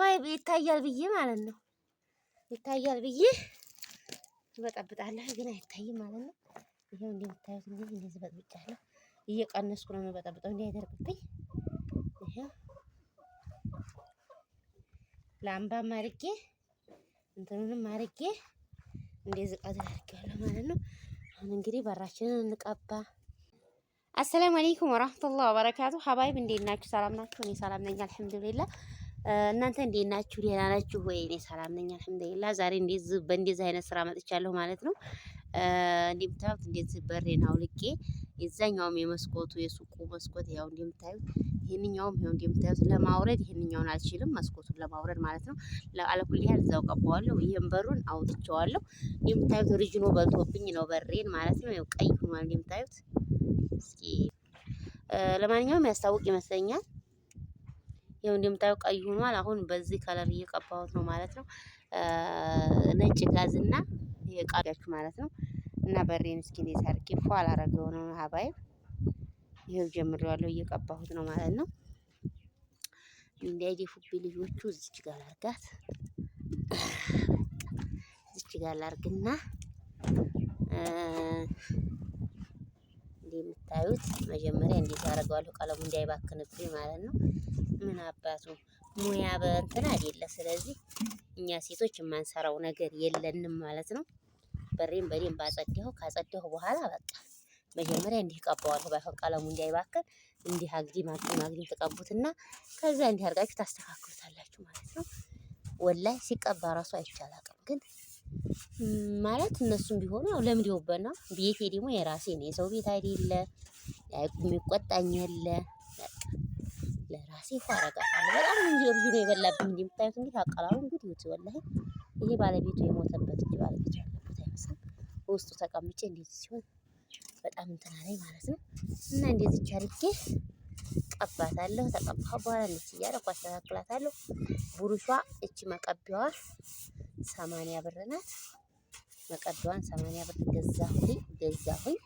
አበባ ይታያል ብዬ ማለት ነው ይታያል ብዬ በጠብጣለሁ፣ ግን አይታይም ማለት ነው። ይሄው እንደምታዩት እንግዲህ እንደዚህ በጥብጫለሁ። እየቀነስኩ ነው የምበጠብጠው እንዳይደርቅብኝ። ይሄው ላምባ አድርጌ እንትኑንም አድርጌ እንደዚህ ቀዝር አድርጌዋለሁ ማለት ነው። አሁን እንግዲህ በራችንን እንቀባ። አሰላሙ አለይኩም ወራህመቱላሂ ወበረካቱ። ሀባይብ እንዴት ናችሁ? ሰላም ናችሁ? እኔ ሰላም ነኝ አልሐምዱሊላህ። እናንተ እንዴት ናችሁ? ደህና ናችሁ ወይ? እኔ ሰላም ነኝ አልሐምዱሊላህ። ዛሬ እንደዚህ በእንደዚህ አይነት ስራ መጥቻለሁ ማለት ነው። እንደምታዩት እንደዚህ በሬን አውልቄ የዛኛውም የመስኮቱ የሱቁ መስኮት ያው እንደምታዩት ይህንኛውም ይኸው እንደምታዩት ለማውረድ ይህንኛውን አልችልም፣ መስኮቱን ለማውረድ ማለት ነው። አለኩል ያህል እዛው ቀባዋለሁ። ይህም በሩን አውጥቼዋለሁ። እንደምታዩት ሪጅኖ በልቶብኝ ነው በሬን ማለት ነው። ያው ቀይ ሆኗል እንደምታዩት። እስኪ ለማንኛውም ያስታውቅ ይመስለኛል ያው እንደምታዩ ቀይ ሆኗል። አሁን በዚህ ከለር እየቀባሁት ነው ማለት ነው። ነጭ ጋዝ እና የቃሪያችሁ ማለት ነው። እና በሬን እስኪ እንዴት አድርጌ ፏ አላረገው ነው ሀባይ ይሄው ጀምሬዋለሁ እየቀባሁት ነው ማለት ነው። እንዳይደፉብኝ ልጆቹ እዚች ጋር ላርጋት፣ እዚች ጋር ላርግና እንደምታዩት መጀመሪያ እንዴት አደርገዋለሁ ቀለሙ እንዳይባክንብኝ ማለት ነው። ምን አባቱ ሙያ በእንትን አይደለ። ስለዚህ እኛ ሴቶች የማንሰራው ነገር የለንም ማለት ነው። በሬን በሬን አጸዳሁ። ካጸዳሁ በኋላ በቃ መጀመሪያ እንዲህ ቀባዋለሁ፣ ባይሆን ቀለሙ እንዳይባከን እንዲህ አግዲም አግዲም አግዲም ተቀቡትና ከዛ እንዲህ አድርጋችሁ ታስተካክሉታላችሁ ማለት ነው። ወላይ ሲቀባ ራሱ አይቻል ግን ማለት እነሱም ቢሆኑ ያው ለምደውበት ነው። ቤቴ ደግሞ የራሴ ነው፣ የሰው ቤት አይደለ፣ የሚቆጣኝ የለ ለራሴ ፏረጋፋለሁ በጣም እንጂ እርጁ ነው የበላብኝ። እንዲ የምታዩት እንግዲህ አቀላሉ እንግዲህ ውጭ ወላሂ ይሄ ባለቤቱ የሞተበት እንጂ ባለቤቱ ያለበት አይመስልም። በውስጡ ተቀምጬ እንዴት ሲሆን በጣም እንትና ላይ ማለት ነው እና እንደዚህ አድርጌ ቀባታለሁ። ተቀባሁ በኋላ እንዴት እያደረኩ አስተካክላታለሁ። ቡሩሿ እቺ መቀቢያዋ ሰማንያ ብር ናት። መቀቢያዋን ሰማንያ ብር ገዛሁኝ ገዛሁኝ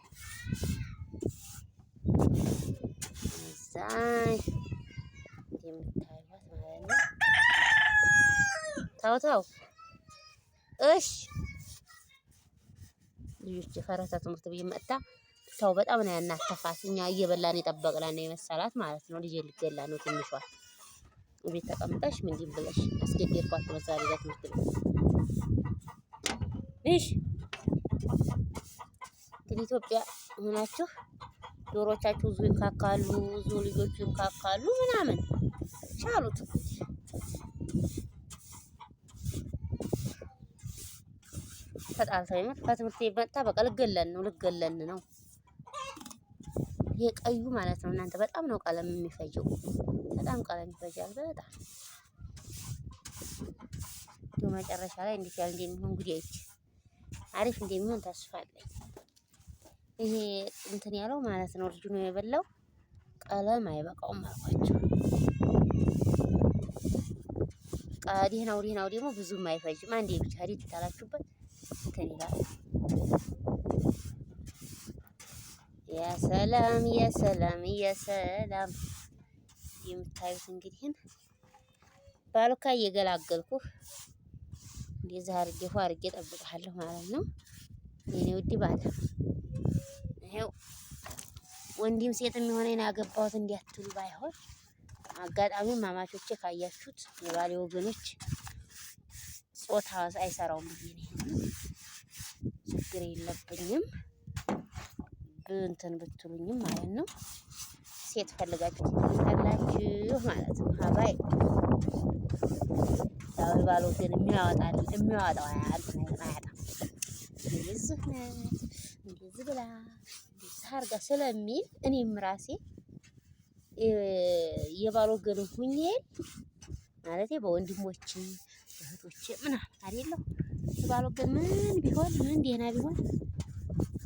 እዛ ተው ተው። እሺ ልጆች ፈረሰ ትምህርት ቤት መጥታ ሰው በጣም ነው ያናተፋት። እኛ እየበላን የጠበቅላን ነው የመሰላት ማለት ነው። ልጄ ልትገላ ነው ትንሿ። ቤት ተቀምጠሽ ምንድን ብለሽ አስገደድኳት መሰለኝ እዛ ትምህርት ቤት። እሺ እንግዲህ ኢትዮጵያ ሆናችሁ ዶሮቻችሁ ብዙ ይካካሉ፣ ብዙ ልጆቹ ይካካሉ ምናምን ቻሉት። ተጣልታ ይመት ከትምህርት መጣ። በቃ ልገለን ነው ልገለን ነው። ይሄ ማለት ነው እናንተ። በጣም ነው ቀለም የሚፈጀው፣ በጣም ቀለም ይፈጃል። በጣም መጨረሻ ላይ እንዴት ያለ እንደሚሆን ጉዳይ አሪፍ እንደሚሆን ተስፋ አለኝ። ይሄ እንትን ያለው ማለት ነው ልጁ ነው የበላው። ቀለም አይበቃውም አልኳቸው። ደህናው ደህናው ደግሞ ብዙም አይፈጅም። አንዴ ብቻ ሄድ ታላችሁበት እንትን ይላል። የሰላም የሰላም የሰላም የምታዩት እንግዲህን ባሉካ እየገላገልኩ እንደዚህ አርጌ ፏ አድርጌ ጠብቀሃለሁ ማለት ነው። የኔ ውድ ባለ ይኸው ወንድም ሴትም የሆነኝ ያገባሁት እንዲያትሉ ባይሆን አጋጣሚ ማማቾቼ ካያችሁት የባሌ ወገኖች ጾታ አይሰራውም ብዬ ነው። ችግር የለብኝም ብንትን ብትሉኝም ማለት ነው። ሴት ፈልጋችሁ ትላላችሁ ማለት ነው። ሀባይ ያው ባሎ ግን የሚያወጣል የሚያወጣው አያልፍም አያጣም። እንደዚህ እንደዚህ ብላ እንደዚህ አድርጋ ስለሚል እኔም ራሴ የባል ወገን ሁኜ ማለት በወንድሞችን እህቶቼ ምናምን አይደለሁ ባሎበት ምን ቢሆን ምን ደህና ቢሆን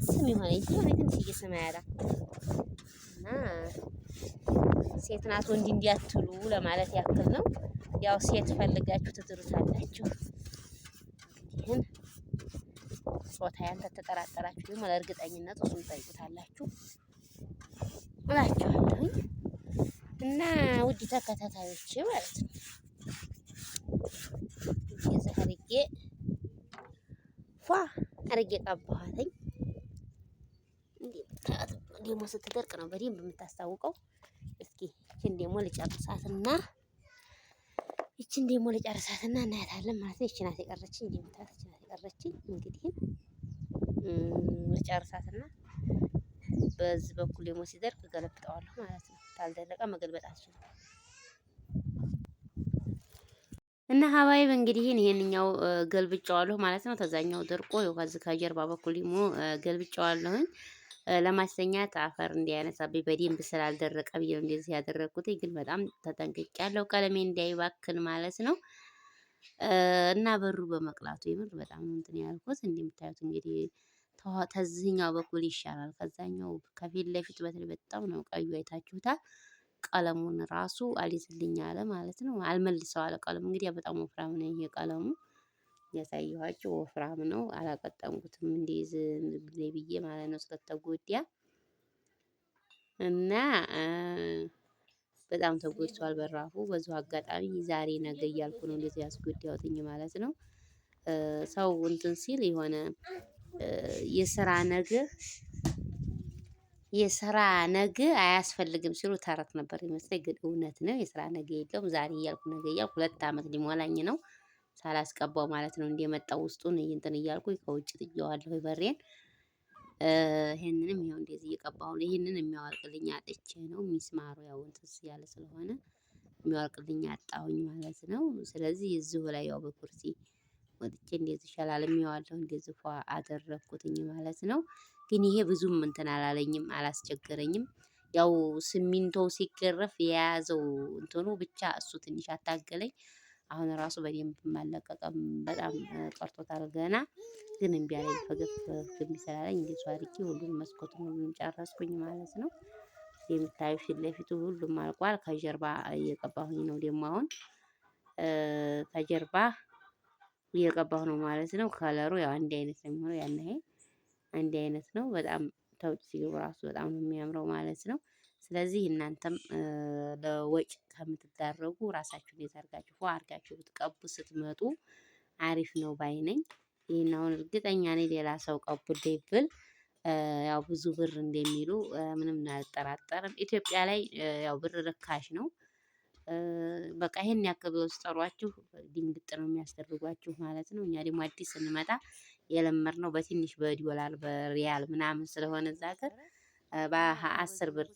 ስም የሆነ የሆነ ትንሽዬ ስም ያላ እና ሴት ናት ወንድ እንዲያትሉ ለማለት ያክል ነው። ያው ሴት ፈልጋችሁ ትድሩታላችሁ። ይህን ጾታ ያን ተጠራጠራችሁ ደግሞ ለእርግጠኝነት እሱን ጠይቁታላችሁ እላችኋለሁኝ እና ውድ ተከታታዮቼ ማለት ነው። እንደዚህ አርጌ ፏ አርጌ ቀባኋትኝ። ደግሞ ስትደርቅ ነው በደንብ የምታስታውቀው። እስኪ ይችን ደግሞ ልጨርሳትና ይችን ደግሞ ልጨርሳትና እናያታለን ማለት ነው። ይችናት የቀረችኝ እንደምታያት ይችናት የቀረችኝ እንግዲህ ልጨርሳትና በዚህ በኩል ደግሞ ሲደርቅ እገለብጠዋለሁ ማለት ነው። ካልደረቀ መገልበጥ አልችልም። እና ሀባይብ እንግዲህ ይሄንኛው ገልብጫዋለሁ ማለት ነው። ተዛኛው ደርቆ ከዚህ ከጀርባ በኩል ደግሞ ገልብጫዋለሁኝ ለማስተኛት አፈር እንዲያነሳብኝ በደንብ ስላልደረቀ ብዬ እንደዚህ ያደረግኩት፣ ግን በጣም ተጠንቅቄያለሁ ቀለሜ እንዳይባክን ማለት ነው። እና በሩ በመቅላቱ የምር በጣም እንትን ያልኩት እንደምታዩት እንግዲህ ተዚህኛው በኩል ይሻላል ከዛኛው ከፊት ለፊት በተለይ በጣም ነው ቀዩ አይታችሁታል። ቀለሙን ራሱ አልይዝልኝ አለ ማለት ነው። አልመልሰው አለ ቀለሙ እንግዲህ በጣም ወፍራም ነው ይሄ ቀለሙ ያሳየኋችሁ ወፍራም ነው። አላቀጠምኩትም እንዲይዝ ብዬ ማለት ነው ስለተጎዳ እና በጣም ተጎድቷል በራፉ። በዚሁ አጋጣሚ ዛሬ ነገ እያልኩ ነው እንደዚህ ያስጎዳሁትኝ ማለት ነው። ሰው እንትን ሲል የሆነ የስራ ነገር የስራ ነገ አያስፈልግም ሲሉ ተረት ነበር ይመስለኝ፣ ግን እውነት ነው። የስራ ነገ የለውም። ዛሬ እያልኩ ነገ እያልኩ ሁለት ዓመት ሊሞላኝ ነው ሳላስቀባው ማለት ነው። እንደመጣው ውስጡን እንትን እያልኩ ከውጭ ጥየዋለሁ በሬን። ይህንንም ይኸው እንደዚህ እየቀባሁ ይህንን የሚያወርቅልኝ አጥቼ ነው። ሚስማሩ ያው እንትን ያለ ስለሆነ የሚያወርቅልኝ አጣሁኝ ማለት ነው። ስለዚህ እዚሁ ላይ ያው በኩርሲ ወጥቼ እንደዚህ ይሻላል የሚዋለሁ እንደዚህ ፏ አደረግኩትኝ ማለት ነው። ግን ይሄ ብዙም እንትን አላለኝም አላስቸገረኝም። ያው ስሚንቶው ሲገረፍ የያዘው እንትኑ ብቻ እሱ ትንሽ አታገለኝ። አሁን ራሱ በደንብ አለቀቀም በጣም ቀርቶታል ገና ግን እምቢ አለኝ ፈገግ እምቢ ስላለኝ እንደሱ አድርጌ ሁሉም መስኮቱን ሁሉንም ጨረስኩኝ ማለት ነው። የምታዩ ፊት ለፊቱ ሁሉም አልቋል ከጀርባ እየቀባሁኝ ነው ደግሞ አሁን ከጀርባ እየቀባሁ ነው ማለት ነው። ከለሩ ያው አንድ አይነት ነው የሚሆነው ያን ያህል አንድ አይነት ነው። በጣም ከውጭ ሲገቡ ራሱ በጣም ነው የሚያምረው ማለት ነው። ስለዚህ እናንተም ለወጭ ከምትዳረጉ ራሳችሁን የታርጋችሁ ፏ አርጋችሁ ብትቀቡ ስትመጡ አሪፍ ነው ባይ ነኝ። ይህን አሁን እርግጠኛ ነኝ ሌላ ሰው ቀቡ ብል ያው ብዙ ብር እንደሚሉ ምንም አልጠራጠርም። ኢትዮጵያ ላይ ያው ብር ርካሽ ነው። በቃ ይሄን ያክል ብለው ሲጠሯችሁ ድንግጥ ነው የሚያስደርጓችሁ ማለት ነው። እኛ ደግሞ አዲስ ስንመጣ የለመድ ነው በትንሽ በዶላር በሪያል ምናምን ስለሆነ እዛ ሀገር በአስር ብር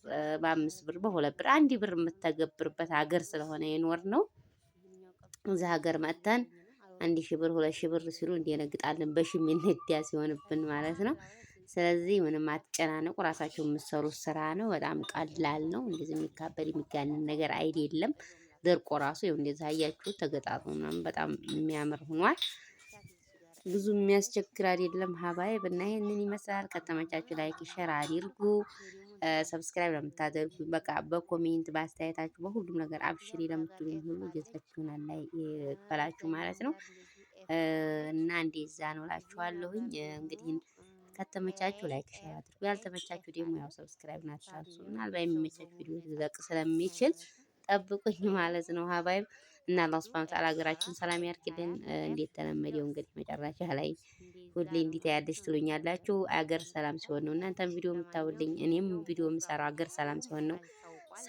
በአምስት ብር በሁለት ብር አንድ ብር የምተገብርበት ሀገር ስለሆነ የኖር ነው። እዚ ሀገር መጥተን አንድ ሺ ብር ሁለት ሺ ብር ሲሉ እንደነግጣለን። በሺህ የሚነዳ ሲሆንብን ማለት ነው። ስለዚህ ምንም አትጨናነቁ። ራሳቸው የምትሰሩት ስራ ነው። በጣም ቀላል ነው። እንደዚህ የሚካበድ የሚጋንን ነገር አይደለም። ደርቆ ራሱ ይኸው እንደዚህ አያችሁት ተገጣጥሞ ምናምን በጣም የሚያምር ሆኗል። ብዙ የሚያስቸግር አይደለም። ሀባይ ብና ይህንን ይመስላል። ከተመቻችሁ ላይክ፣ ሸር አድርጉ። ሰብስክራይብ ለምታደርጉ በቃ በኮሜንት በአስተያየታችሁ በሁሉም ነገር አብሽሪ ለምትሉኝ ሁሉ ገዛችሁን ላይ ይበላችሁ ማለት ነው እና እንደዛ ነው እላችኋለሁኝ። እንግዲህ ከተመቻችሁ ላይክ፣ ሸር አድርጉ። ያልተመቻችሁ ደግሞ ያው ሰብስክራይብ ናችሁ። ምናልባት የሚመቻችሁ ቪዲዮ ልለቅ ስለሚችል ጠብቁኝ ማለት ነው ሀባይብ እና አላህ ሱብሃነሁ ወተዓላ ሀገራችን ሰላም ያርክልን። እንዴት ተለመደው እንግዲህ መጨረሻ ላይ ሁሌ እንዲት ያለሽ ትሉኛላችሁ። አገር ሰላም ሲሆን ነው እናንተም ቪዲዮ የምታውልኝ እኔም ቪዲዮ የምሰራው አገር ሰላም ሲሆን ነው።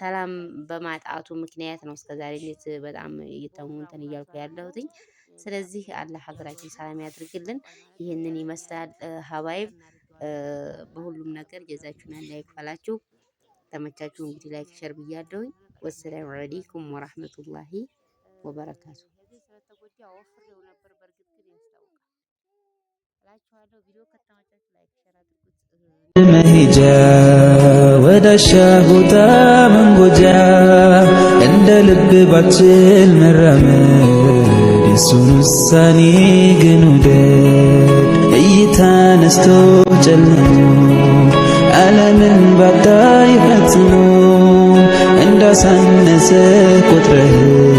ሰላም በማጣቱ ምክንያት ነው እስከዛሬ እንዴት በጣም እየተሙንተን እያልኩ ያለሁትኝ። ስለዚህ አላህ ሀገራችን ሰላም ያድርግልን። ይህንን ይመስላል ሀባይብ በሁሉም ነገር ጀዛችሁን አላህ ይክፈላችሁ። ተመቻችሁ እንግዲህ ላይክ ሸር ብያለሁኝ። ወሰላሙ አለይኩም ወራህመቱላሂ ወበረካቱ። ስለተጎዳ ወፍሬው ነበር። በእርግጥ ግን ያስታውቃል እላችኋለሁ። ቪዲዮ ከተመቻችሁ ላይክ፣ ሼር አድርጉት። መሄጃ ወደ ሻጉጣ መንጎጃ እንደ ልብ ባችል መራመድ የሱን ውሳኔ ግን ውደድ እይታ ነስቶ ጨልሞ ዓለምን ባጣ ይፈትኖ ባሳነሰ ቁጥርህ